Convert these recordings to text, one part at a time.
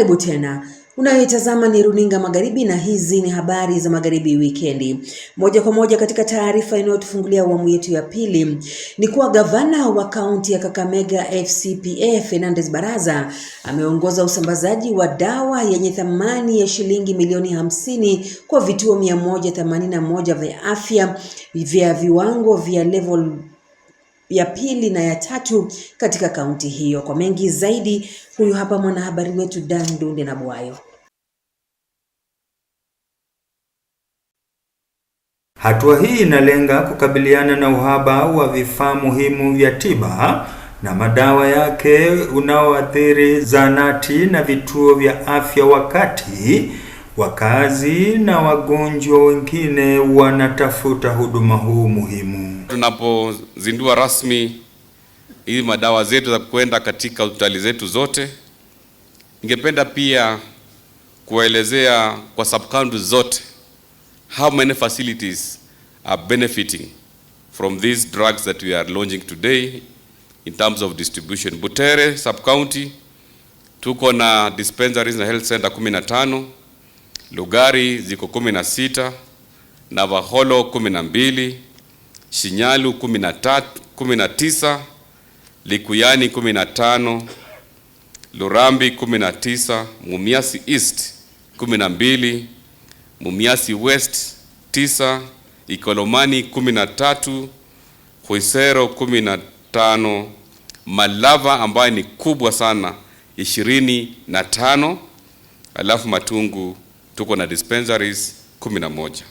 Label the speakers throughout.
Speaker 1: Karibu tena. Unayoitazama ni Runinga Magharibi na hizi ni habari za Magharibi Wikendi. Moja kwa moja katika taarifa inayotufungulia awamu yetu ya pili ni kuwa gavana wa kaunti ya Kakamega FCPA Fernandes Baraza ameongoza usambazaji wa dawa yenye thamani ya shilingi milioni hamsini kwa vituo mia moja themanini na moja vya afya vya viwango vya level ya pili na ya tatu katika kaunti hiyo. Kwa mengi zaidi, huyu hapa mwanahabari wetu Dan Dunde na Bwayo.
Speaker 2: Hatua hii inalenga kukabiliana na uhaba wa vifaa muhimu vya tiba na madawa yake unaoathiri zahanati na vituo vya afya, wakati wakazi na wagonjwa wengine wanatafuta huduma huu muhimu
Speaker 3: tunapozindua rasmi hizi madawa zetu za kwenda katika hospitali zetu zote, ningependa pia kuwaelezea kwa subkaunti zote how many facilities are benefiting from these drugs that we are launching today in terms of distribution. Butere subcounty tuko na dispensaries na health center 15, Lugari ziko 16, Navaholo 12 Shinyalu 13, 19, Likuyani 15, Lurambi 19, Mumiasi East 12, Mumiasi West 9, Ikolomani 13, Khwisero 15, Malava ambayo ni kubwa sana 25, alafu Matungu tuko na dispensaries 11.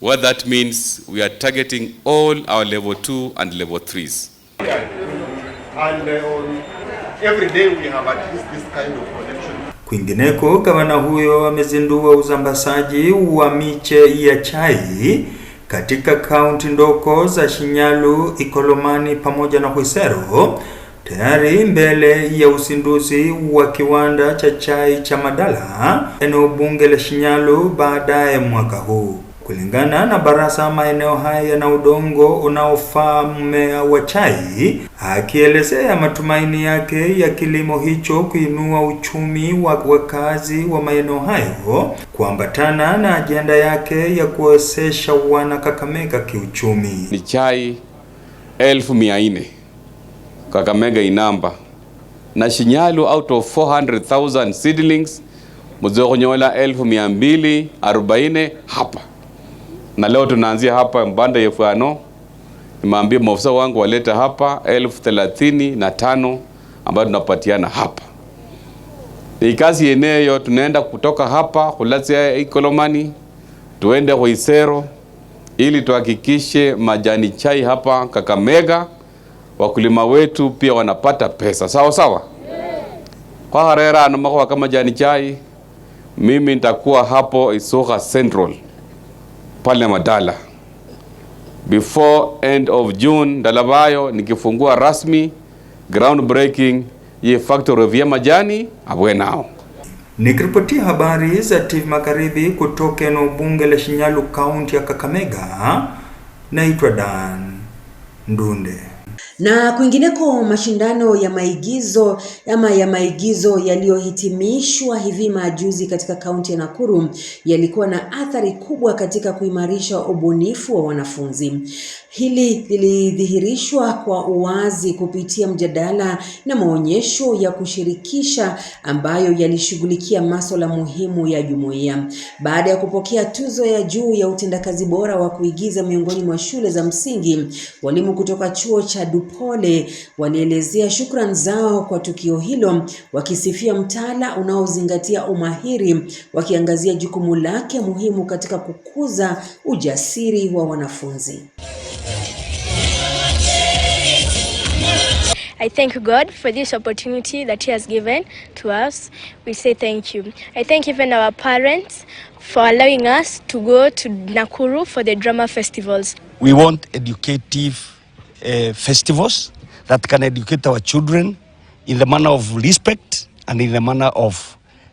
Speaker 3: What that means, we are targeting all our level 2 and level 3s.
Speaker 4: And uh, every day we have at least this kind of connection.
Speaker 2: Kwingineko, gavana huyo amezindua uzambazaji wa miche ya chai katika kaunti ndogo za Shinyalu, Ikolomani pamoja na Khwisero tayari mbele ya usinduzi wa kiwanda cha chai cha Madala eneo bunge la Shinyalu baadaye mwaka huu. Kulingana na BARASA, maeneo haya yana udongo unaofaa mmea wa chai, akielezea matumaini yake ya kilimo hicho kuinua uchumi wa wakazi wa maeneo hayo kuambatana na ajenda yake ya kuwezesha wana Kakamega kiuchumi. Ni
Speaker 3: chai elfu mia nne Kakamega inamba na Shinyalu, out of 400,000 seedlings mzokonyola elfu mia mbili arobaini hapa na leo tunaanzia hapa Mbanda ya Yefuano. Nimeambia maofisa wangu waleta hapa elfu thelathini na tano ambayo tunapatiana hapa. Ni kazi yenyeyo, tunaenda kutoka hapa kulatsia Ikolomani tuende Khoisero ili tuhakikishe majani chai hapa Kakamega wakulima wetu pia wanapata pesa sawa sawa, kwa harera anamakwa kama majani chai, mimi nitakuwa hapo Isukha Central pale Madala before end of June. Ndalabayo nikifungua rasmi ground breaking ye factory ya majani nao
Speaker 2: Nikiripotia habari za TV Magharibi kutoka eneo bunge la Shinyalu, kaunti ya Kakamega, naitwa Dan Ndunde.
Speaker 1: Na kwingineko mashindano ya maigizo ama ya maigizo yaliyohitimishwa hivi majuzi katika kaunti ya Nakuru yalikuwa na athari kubwa katika kuimarisha ubunifu wa wanafunzi. Hili lilidhihirishwa kwa uwazi kupitia mjadala na maonyesho ya kushirikisha ambayo yalishughulikia masuala muhimu ya jumuiya. Baada ya kupokea tuzo ya juu ya utendakazi bora wa kuigiza miongoni mwa shule za msingi, walimu kutoka chuo cha Mpole walielezea shukrani zao kwa tukio hilo, wakisifia mtaala unaozingatia umahiri, wakiangazia jukumu lake muhimu katika kukuza ujasiri wa wanafunzi.
Speaker 5: I thank God for this opportunity that he has given to us. We say thank you. I thank even our parents for allowing us to go to Nakuru for the drama festivals.
Speaker 6: We want educative Eh, festivals that can educate our children in the manner of respect and in the manner of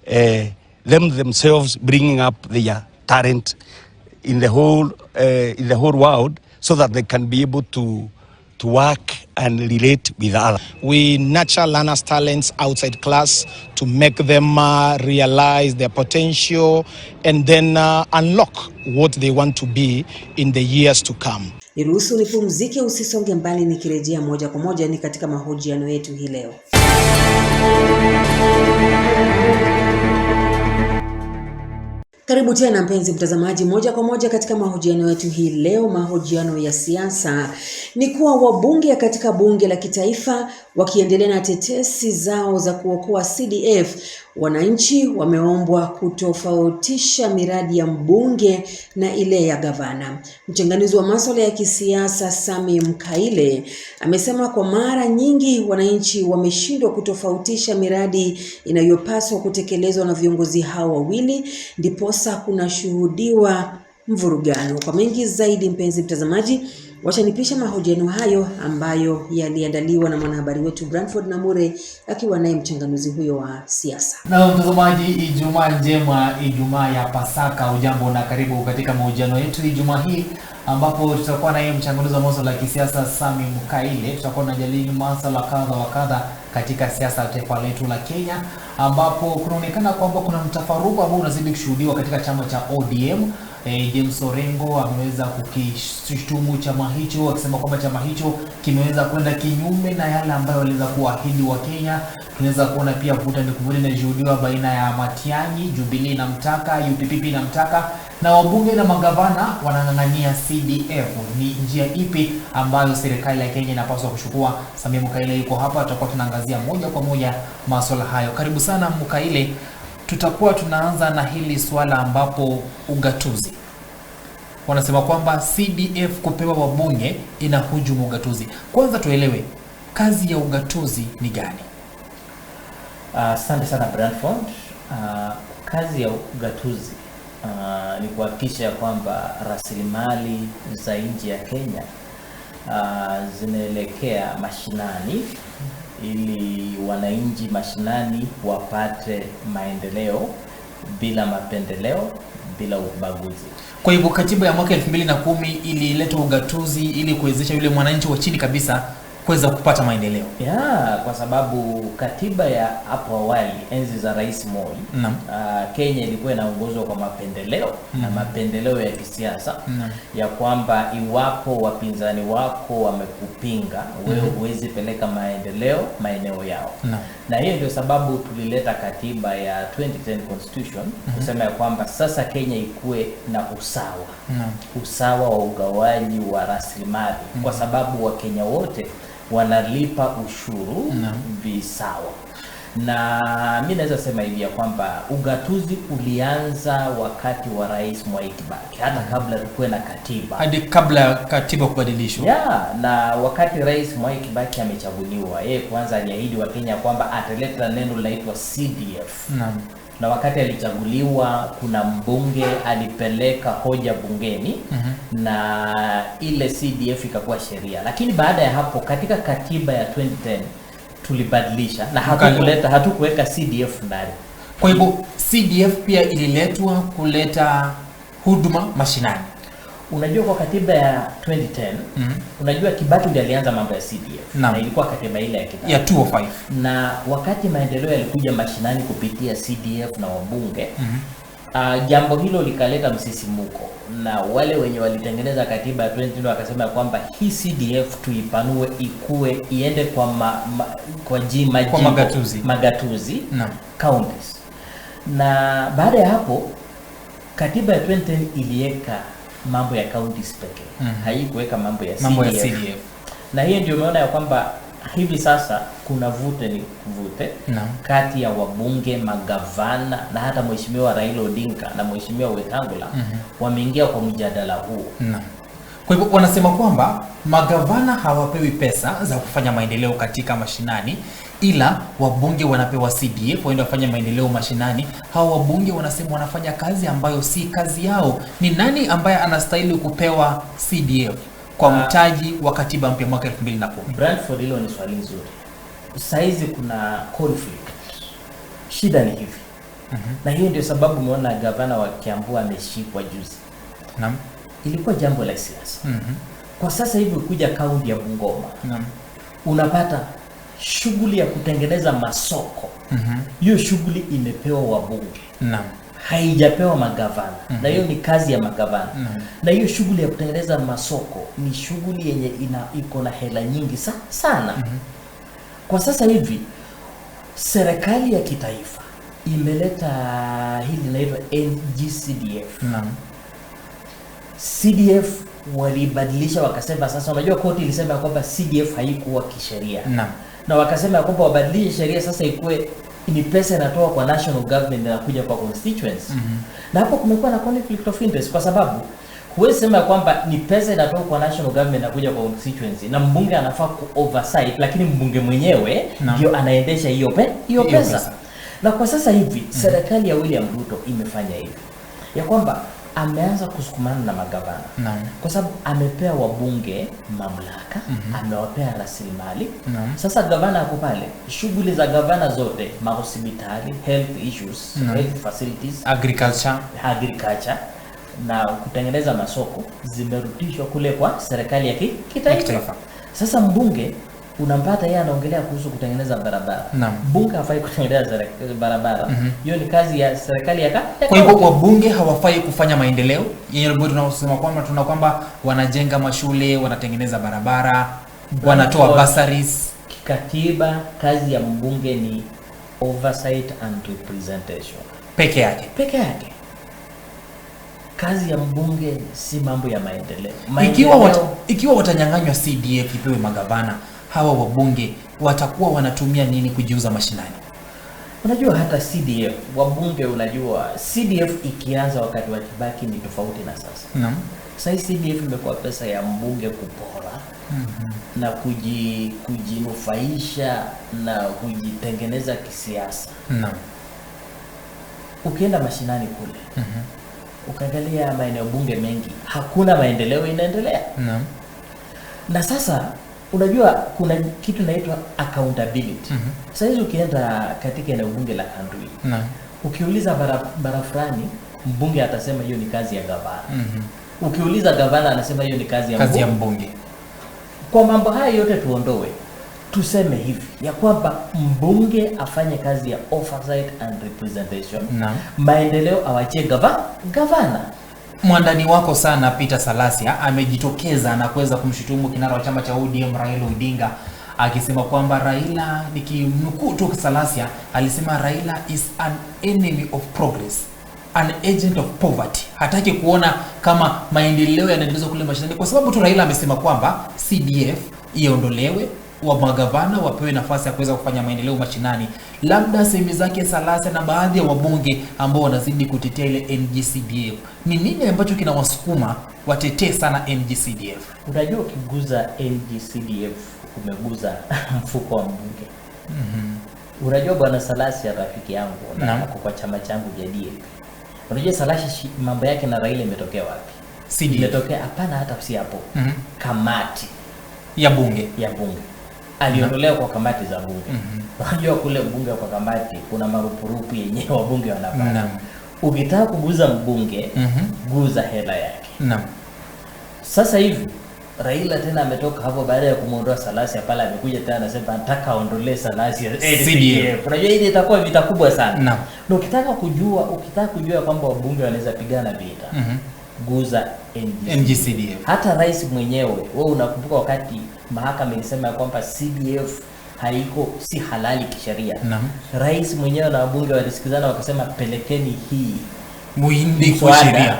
Speaker 6: uh, them themselves bringing up their talent in the whole uh, in the whole world so that they can be able to to work and relate with others.
Speaker 7: We nurture learners' talents outside class to make them uh, realize their potential and then uh, unlock what they want to be in the years to come.
Speaker 1: Niruhusu nipumzike, usisonge mbali, nikirejea moja kwa moja ni katika mahojiano yetu hii leo. Karibu tena mpenzi mtazamaji, moja kwa moja katika mahojiano yetu hii leo, mahojiano ya siasa. Ni kuwa wabunge katika bunge la kitaifa wakiendelea na tetesi zao za kuokoa CDF Wananchi wameombwa kutofautisha miradi ya mbunge na ile ya gavana. Mchanganuzi wa masuala ya kisiasa Sami Mkaile amesema kwa mara nyingi wananchi wameshindwa kutofautisha miradi inayopaswa kutekelezwa na viongozi hao wawili, ndiposa kunashuhudiwa mvurugano. Kwa mengi zaidi, mpenzi mtazamaji Wachanipisha mahojiano hayo ambayo yaliandaliwa na mwanahabari wetu Branford Namure akiwa naye mchanganuzi huyo wa siasa.
Speaker 8: Na mtazamaji, Ijumaa njema, Ijumaa ya Pasaka. Ujambo na karibu katika mahojiano yetu Ijumaa hii ambapo tutakuwa naye mchanganuzi wa masuala ya kisiasa Sami Mkaile. Tutakuwa na jalili masuala kadha wa kadha katika siasa ya taifa letu la Kenya, ambapo kunaonekana kwamba kuna mtafaruku ambao unazidi kushuhudiwa katika chama cha ODM e, James Orengo ameweza kukishtumu chama hicho akisema kwamba chama hicho kimeweza kwenda kinyume na yale ambayo waliweza kuahidi wa Kenya. Tunaweza kuona pia vuta ni kuvuta inashuhudiwa baina ya Matiang'i, Jubilee mtaka UPPP na mtaka na wabunge na magavana wanang'ang'ania CDF. Ni njia ipi ambayo serikali ya Kenya inapaswa kuchukua? Samia Mukaile yuko hapa, tutakuwa tunaangazia moja kwa moja masuala hayo. Karibu sana Mukaile tutakuwa tunaanza na hili swala ambapo ugatuzi wanasema kwamba CDF kupewa wabunge inahujumu ugatuzi. Kwanza tuelewe kazi ya ugatuzi ni gani?
Speaker 9: Ah, asante uh, sana Branford. Uh, ah, kazi ya ugatuzi uh, ni kuhakikisha kwamba rasilimali za nchi ya Kenya uh, zinaelekea mashinani ili wananchi mashinani wapate maendeleo bila mapendeleo bila ubaguzi.
Speaker 8: Kwa hivyo katiba ya mwaka 2010 ilileta ugatuzi ili kuwezesha yule mwananchi wa chini kabisa kuweza kupata maendeleo
Speaker 9: yeah, kwa sababu katiba ya hapo awali enzi za Rais Moi uh, Kenya ilikuwa inaongozwa kwa mapendeleo mm. na mapendeleo ya kisiasa mm. ya kwamba iwapo wapinzani wako wamekupinga, wewe mm. Mm-hmm. huwezi peleka maendeleo maeneo yao mm na hiyo ndio sababu tulileta katiba ya 2010 constitution mm -hmm. kusema ya kwamba sasa Kenya ikuwe na usawa mm -hmm. usawa wa ugawaji wa rasilimali mm -hmm. kwa mhm. sababu Wakenya wote wanalipa ushuru mm -hmm. visawa na mi naweza sema hivi ya kwamba ugatuzi ulianza wakati wa Rais Mwai Kibaki, hata kabla tukuwe na katiba,
Speaker 8: hadi kabla katiba kubadilishwa
Speaker 9: yeah. Na wakati Rais Mwai amechaguliwa, yeye kwanza aliahidi Wakenya kwamba ataleta neno linaitwa CDF na, na wakati alichaguliwa kuna mbunge alipeleka hoja bungeni mm -hmm. na ile CDF ikakuwa sheria, lakini baada ya hapo katika katiba ya 2010 tulibadilisha na hatukuleta hatukuweka CDF ndani.
Speaker 8: Kwa hivyo CDF pia ililetwa kuleta huduma mashinani.
Speaker 9: Unajua, kwa katiba ya 2010 mm -hmm. Unajua, Kibaki ndiye alianza mambo ya CDF na, na ilikuwa katiba ile ya Kibaki ya 205 na wakati maendeleo yalikuja mashinani kupitia CDF na wabunge mm -hmm. Uh, jambo hilo likaleta msisimuko na wale wenye walitengeneza katiba ya 2020 wakasema kwamba hii CDF tuipanue, ikue, iende kwa ma, ma, kwa majimbo, kwa magatuzi, magatuzi na counties. Na baada ya hapo katiba ya 2010 iliweka mambo ya counties pekee mm -hmm. haikuweka mambo ya CDF. Mambo ya CDF na hiyo ndio umeona ya kwamba hivi sasa kuna vute ni kuvute no. kati ya wabunge, magavana na hata mheshimiwa Raila Odinga na mheshimiwa Wetangula mm -hmm. wameingia kwa mjadala huu no.
Speaker 8: Kwa hivyo wanasema kwamba magavana hawapewi pesa za kufanya maendeleo katika mashinani, ila wabunge wanapewa CDF waende wafanya maendeleo mashinani. Hawa wabunge wanasema wanafanya kazi ambayo si kazi yao. Ni nani ambaye anastahili kupewa CDF? kwa mtaji wa katiba mpya mwaka 2010.
Speaker 9: Brandford, hilo ni swali nzuri. Saizi kuna conflict. Shida ni hivi. Mm -hmm. Na hiyo ndio sababu umeona gavana wa Kiambu ameshikwa juzi. Naam. Ilikuwa jambo la siasa. Mm -hmm. Kwa sasa hivi kuja kaunti ya Bungoma. Naam. Unapata shughuli ya kutengeneza masoko mhm. hiyo. mm -hmm. Shughuli imepewa wabunge. Naam haijapewa magavana mm -hmm. na hiyo ni kazi ya magavana mm -hmm. na hiyo shughuli ya kutengeneza masoko ni shughuli yenye ina iko na hela nyingi sa, sana mm -hmm. kwa sasa hivi serikali ya kitaifa imeleta hili linaitwa NGCDF mm -hmm. CDF walibadilisha wakasema, sasa unajua koti ilisema kwamba CDF haikuwa kisheria na, na wakasema kwamba wabadilishe sheria sasa ikuwe ni pesa inatoka kwa national government na kuja kwa constituents. Mm -hmm. Na hapo kumekuwa na conflict of interest kwa sababu huwezi sema kwamba ni pesa inatoka kwa national government na kuja kwa constituency na mbunge anafaa ku oversight, lakini mbunge mwenyewe ndio anaendesha hiyo pe, hiyo pesa. pesa. Na kwa sasa hivi mm -hmm. serikali ya William Ruto imefanya hivi ya kwamba ameanza kusukumana na magavana no. kwa sababu amepea wabunge mamlaka mm -hmm. amewapea rasilimali no. Sasa gavana ako pale, shughuli za gavana zote, mahospitali, health issues no. health facilities,
Speaker 8: agriculture,
Speaker 9: agriculture na kutengeneza masoko zimerutishwa kule kwa serikali ya kitaifa. Sasa mbunge unampata yeye anaongelea kuhusu kutengeneza barabara. Bunge hafai kutengeneza eh, barabara. Mhm. Hiyo mm -hmm. ni kazi ya serikali ya
Speaker 8: Kwa hivyo wabunge hawafai kufanya maendeleo yenye ndio tunaosema kwamba tuna kwamba wanajenga mashule, wanatengeneza barabara, wanatoa basaris
Speaker 9: Kikatiba kazi ya mbunge ni oversight and representation peke yake, peke yake. Kazi ya mbunge si mambo ya maendeleo.
Speaker 8: Ikiwa wat, ikiwa watanyang'anywa CDF ipewe magavana hawa wabunge watakuwa wanatumia nini kujiuza mashinani?
Speaker 9: Unajua hata CDF wabunge, unajua CDF ikianza wakati wa Kibaki ni tofauti na sasa. no. Sasa CDF imekuwa pesa ya mbunge kupora mm -hmm. na kuji, kujinufaisha na kujitengeneza kisiasa. no. Ukienda mashinani kule mm -hmm. ukaangalia maeneo bunge mengi hakuna maendeleo inaendelea. Naam. Na sasa Unajua kuna kitu inaitwa accountability. mm -hmm. Sasa hizi ukienda katika eneo bunge la Kandui mm -hmm. ukiuliza barabara fulani, mbunge atasema hiyo ni kazi ya gavana. mm -hmm. Ukiuliza gavana anasema hiyo ni kazi ya kazi
Speaker 8: mbunge. ya mbunge.
Speaker 9: Kwa mambo haya yote tuondoe, tuseme hivi ya kwamba mbunge afanye kazi ya oversight and representation. na. Maendeleo awachie gava, gavana
Speaker 8: Mwandani wako sana Peter Salasia amejitokeza na kuweza kumshutumu kinara wa chama cha ODM Raila Odinga akisema kwamba Raila, nikimnukuu tu Salasia, alisema Raila is an enemy of progress, an agent of poverty. Hataki kuona kama maendeleo yanaendelezwa kule mashinani kwa sababu tu Raila amesema kwamba CDF iondolewe wa magavana wapewe nafasi ya kuweza kufanya maendeleo mashinani, labda sehemu zake Salasa na baadhi ya wabunge ambao wanazidi kutetea ile NGCDF. Ni nini ambacho kinawasukuma watetee sana NGCDF?
Speaker 9: Unajua, ukiguza NGCDF umeguza mfuko wa mbunge. mm -hmm. Unajua bwana Salasi ya rafiki yangu na kwa chama changu jadie. Unajua Salasi mambo yake na Raila imetokea wapi? Si imetokea hapana, hata si hapo. mm -hmm. Kamati
Speaker 8: ya bunge ya
Speaker 9: bunge aliondolewa kwa kamati za bunge. Mhm. Unajua mm-hmm. kule bunge kwa kamati kuna marupurupu yenyewe wabunge wanapata. Mm-hmm. Ukitaka kuguza mbunge mm-hmm. guza hela yake. Naam. Sasa hivi Raila tena ametoka hapo baada ya kumuondoa Salasia pale, amekuja tena anasema nataka aondolee Salasia eh, CDF. Unajua hili itakuwa vita kubwa sana. Na no. ukitaka kujua ukitaka kujua kwamba wabunge wanaweza pigana vita mm -hmm guza NGCDF. NGCDF. Hata rais mwenyewe wewe unakumbuka wakati mahakama ilisema ya kwamba CDF haiko si halali kisheria. Rais mwenyewe na wabunge walisikizana wakasema, pelekeni hii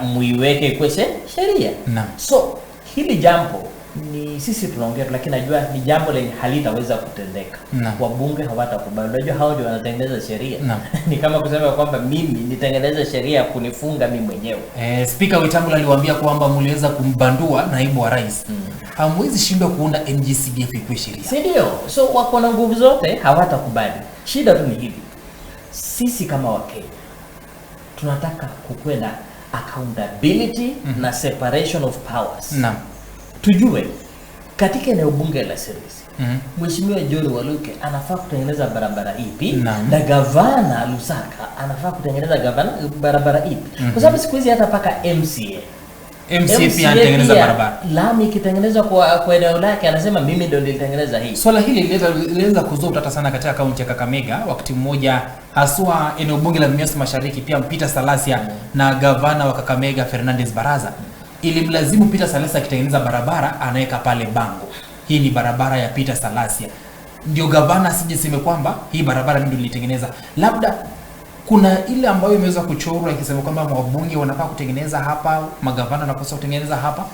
Speaker 9: muiweke kwa sheria. So hili jambo ni sisi tunaongea tu, lakini najua ni jambo lenye halitaweza kutendeka. Wabunge hawatakubali. Unajua hao ndio wanatengeneza sheria ni kama kusema kwamba mimi nitengeneze sheria ya kunifunga mimi mwenyewe.
Speaker 8: Eh, Spika Wetangula aliwaambia kwamba mliweza kumbandua naibu wa rais mm. Hamwezi shindwa kuunda ngcdf ikue sheria, si
Speaker 9: ndio? So wako na nguvu zote, hawatakubali. Shida tu ni hivi, sisi kama Wakenya tunataka kukwenda accountability mm -hmm. na separation of powers Naam tujue katika eneo bunge la Sirisi mhm. Mheshimiwa mm -hmm. John Waluke anafaa kutengeneza barabara ipi na, gavana Lusaka anafaa kutengeneza gavana barabara ipi? mm -hmm. Kwa mhm. sababu siku hizi hata mpaka MCA
Speaker 8: anatengeneza barabara
Speaker 9: lami ikitengenezwa kwa, kwa eneo lake anasema mimi ndio nilitengeneza hii.
Speaker 8: Swala hili liliweza kuzua utata sana katika kaunti ya Kakamega wakati mmoja, haswa eneo bunge la Mumias Mashariki. Pia Mpita Salasia mm na gavana wa Kakamega Fernandes Baraza mm ilimlazimu Peter Salasia akitengeneza barabara anaweka pale bango, hii ni barabara ya Peter Salasia. Ndio gavana asijiseme kwamba hii barabara mimi ndio nilitengeneza. Labda kuna ile ambayo imeweza kuchorwa ikisema kwamba wabunge wanafaa kutengeneza hapa, magavana wanapaswa kutengeneza hapa.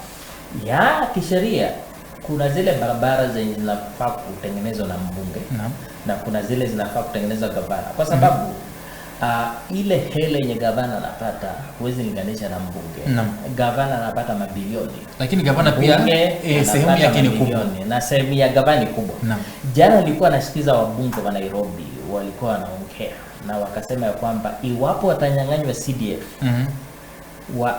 Speaker 9: Ya kisheria kuna zile barabara zenye zinafaa kutengenezwa na mbunge na, na kuna zile zinafaa kutengenezwa gavana kwa sababu mm -hmm Uh, ile hela yenye gavana anapata huwezi linganisha na mbunge no. Gavana anapata mabilioni,
Speaker 8: lakini gavana pia e, sehemu yake ni kubwa
Speaker 9: na sehemu ya gavana ni kubwa no. Jana nilikuwa nasikiza wabunge wa Nairobi walikuwa wanaongea na wakasema ya kwamba iwapo watanyang'anywa CDF mm -hmm wa,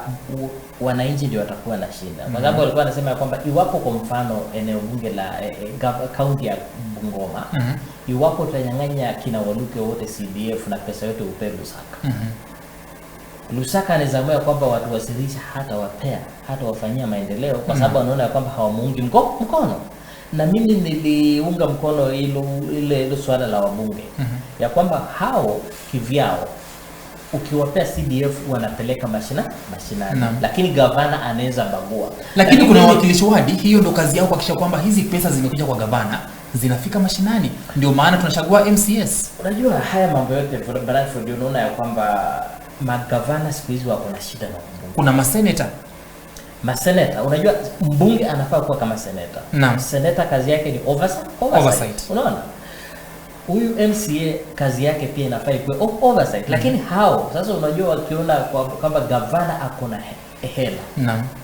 Speaker 9: wananchi ndio watakuwa na shida mm -hmm. walikuwa wanasema kwamba iwapo kwa mfano eneo bunge la eh, eh, kaunti ya Bungoma mm -hmm. iwapo tutanyang'anya kina Waluke wote CDF na pesa yote upee Lusaka mm -hmm. Lusaka anazamua kwamba watu wasirisha hata wapea hata wafanyia maendeleo kwa mhm. sababu wanaona mm -hmm. kwamba hawamuungi mkono na mimi niliunga mkono ile ile swala la wabunge mm -hmm. ya kwamba hao kivyao ukiwapea CDF wanapeleka mashina mashinani, lakini gavana anaweza bagua.
Speaker 8: Lakini kuna wawakilishi wadi, hiyo ndo kazi yao kuhakikisha kwamba hizi pesa zimekuja kwa gavana zinafika mashinani. Ndio maana tunachagua MCS.
Speaker 9: Unajua haya mambo yote Bradford, unaona ya kwamba magavana siku hizi wako na shida na mbunge.
Speaker 8: Kuna maseneta
Speaker 9: maseneta, unajua mbunge anafaa kuwa kama seneta. Naam, seneta kazi yake ni oversight,
Speaker 8: oversight.
Speaker 9: Unaona huyu MCA kazi yake pia inafaa ikuwe oversight, mm-hmm. lakini hao sasa, unajua wakiona kwamba gavana ako na hela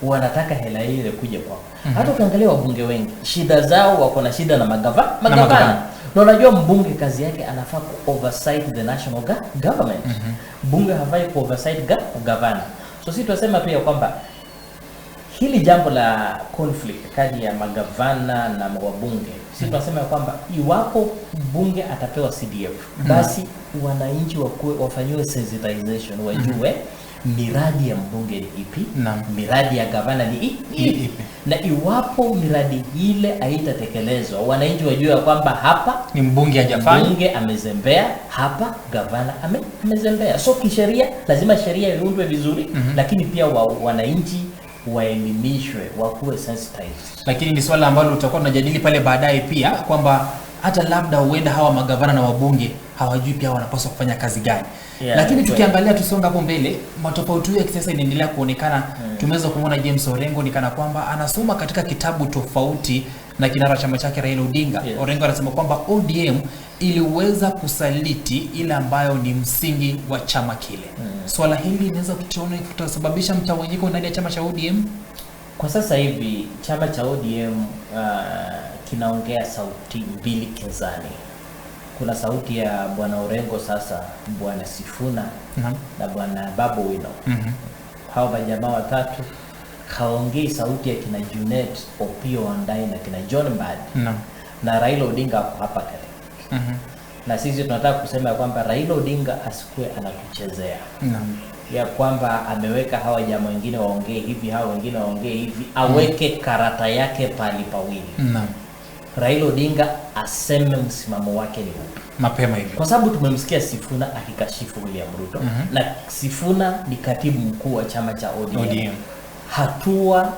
Speaker 9: wanataka hela ile kuja kwao. mm -hmm. Hata ukiangalia wabunge wengi shida zao wako na shida na magava, magavana na unajua mbunge kazi yake anafaa ku oversight the national government. mm -hmm. Bunge hafai ku oversight gavana. So si twasema pia kwamba hili jambo la conflict kati ya magavana na wabunge sisi tunasema ya kwamba iwapo mbunge atapewa CDF mhm. basi wananchi wakuwe wafanyiwe sensitization, wajue mhm. miradi ya mbunge ni ipi na miradi ya gavana ni ipi, na iwapo miradi ile haitatekelezwa wananchi wajue ya kwamba hapa ni
Speaker 8: mbunge hajafanya, mbunge
Speaker 9: amezembea hapa, gavana ame, amezembea. So kisheria lazima sheria iundwe vizuri mm -hmm. Lakini pia wa, wananchi waelimishwe, wakuwe sensitized.
Speaker 8: Lakini ni swala ambalo utakuwa tunajadili pale baadaye pia kwamba hata labda huenda hawa magavana na wabunge hawajui pia wanapaswa kufanya kazi gani. Yeah, lakini tukiangalia tusonga hapo mbele, matofauti hiyo ya inaendelea kuonekana mm. Tumeweza kumwona James Orengo ni kana kwamba anasoma katika kitabu tofauti na kinara chama chake Raila Odinga. Yeah. Orengo anasema kwamba ODM iliweza kusaliti ile ambayo ni msingi wa chama kile. Mm. Swala hili linaweza kutasababisha mtawanyiko ndani ya chama cha ODM.
Speaker 9: Kwa sasa hivi chama cha ODM uh, kinaongea sauti mbili kinzani kuna sauti ya bwana Orengo sasa, bwana Sifuna mm -hmm. na bwana Babu Wino mm -hmm. hao majamaa watatu haongei sauti ya kina Junet Opio andai na kina John bad mm na Raila Odinga ako hapa kale mm -hmm. na sisi tunataka kusema ya kwamba Raila Odinga asikue anatuchezea mm ya kwamba ameweka hawa jamaa wengine waongee hivi, hawa wengine waongee hivi, aweke mm. karata yake pali pawili mm. Raila Odinga aseme msimamo wake ni upi
Speaker 8: mapema hivi, kwa
Speaker 9: sababu tumemsikia Sifuna akikashifu William Ruto mm -hmm. na Sifuna ni katibu mkuu wa chama cha ODM. ODM. Hatua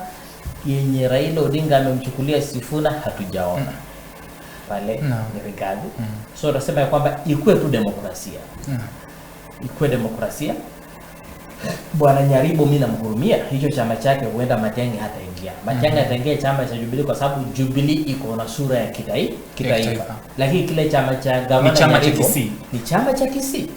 Speaker 9: yenye Raila Odinga amemchukulia Sifuna hatujaona mm -hmm. pale no. ni rigadi mm -hmm. so tunasema ya kwamba ikuwe tu demokrasia mm -hmm. ikuwe demokrasia Bwana Nyaribo mimi namhurumia, hicho chama chake huenda Matiang'i hataingia. Matiang'i mm -hmm. ataingia chama cha Jubilee kwa sababu Jubilee iko na sura ya kitaifa, kitaifa. Lakini kile chama cha gavana ni
Speaker 8: chama cha Kisii.
Speaker 9: Ni chama cha Kisii.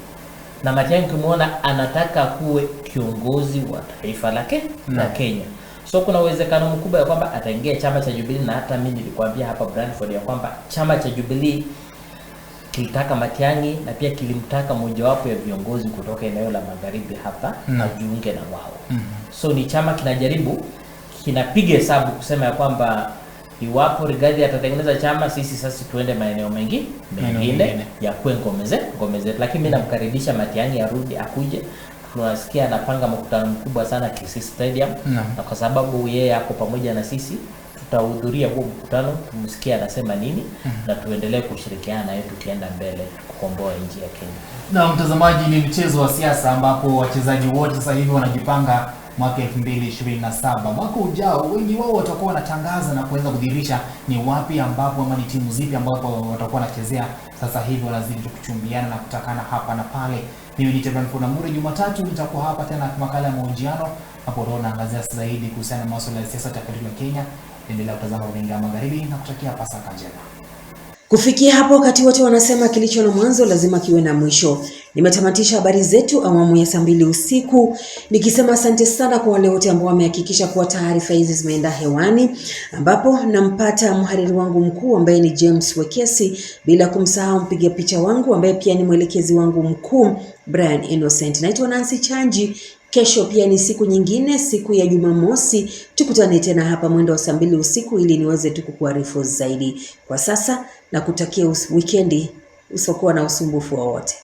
Speaker 9: Na Matiang'i kimuona anataka kuwe kiongozi wa taifa lake mm. la Kenya. So kuna uwezekano mkubwa ya kwamba ataingia chama cha Jubilee na hata mimi nilikwambia hapa Brandford ya kwamba chama cha Jubilee kilitaka Matiang'i na pia kilimtaka mojawapo ya viongozi kutoka eneo la magharibi hapa mm. ajiunge na wao mm. So ni chama kinajaribu kinapiga hesabu kusema ya kwamba iwapo Rigathi atatengeneza chama, sisi sasa tuende maeneo mengi mengine ya ngome zetu ngome zetu, lakini mimi mm-hmm. namkaribisha Matiang'i arudi akuje tunasikia anapanga mkutano mkubwa sana Kisii Stadium, na kwa sababu yeye ako pamoja na sisi tutahudhuria huo mkutano, tumsikie anasema nini mm -hmm. na tuendelee kushirikiana naye tukienda mbele kukomboa nchi ya Kenya.
Speaker 8: Na mtazamaji, ni mchezo wa siasa ambapo wachezaji wote sasa hivi wanajipanga mwaka 2027 mwaka ujao, wengi wao watakuwa wanatangaza na kuweza kudhihirisha ni wapi ambapo ama ni timu zipi ambapo watakuwa wanachezea. Sasa hivi wanazidi kuchumbiana na kutakana hapa na pale. Mimi ni Tebran Funamuri, Jumatatu nitakuwa hapa tena makala ya mahojiano hapo, utaona angazia zaidi kuhusiana na masuala ya siasa takatifu ya Kenya. Endelea kutazama runinga ya Magharibi na kutakia Pasaka njema.
Speaker 1: Kufikia hapo wakati wote wanasema kilicho na mwanzo lazima kiwe na mwisho. Nimetamatisha habari zetu awamu ya saa mbili usiku nikisema asante sana kwa wale wote ambao wamehakikisha kuwa taarifa hizi zimeenda hewani, ambapo nampata mhariri wangu mkuu ambaye ni James Wekesi, bila kumsahau mpiga picha wangu ambaye pia ni mwelekezi wangu mkuu Brian Innocent. Naitwa Nancy Chanji. Kesho pia ni siku nyingine, siku ya Jumamosi. Tukutane tena hapa mwendo wa saa mbili usiku ili niweze tu kukuarifu zaidi. Kwa sasa, na kutakia wikendi usiokuwa na usumbufu wowote.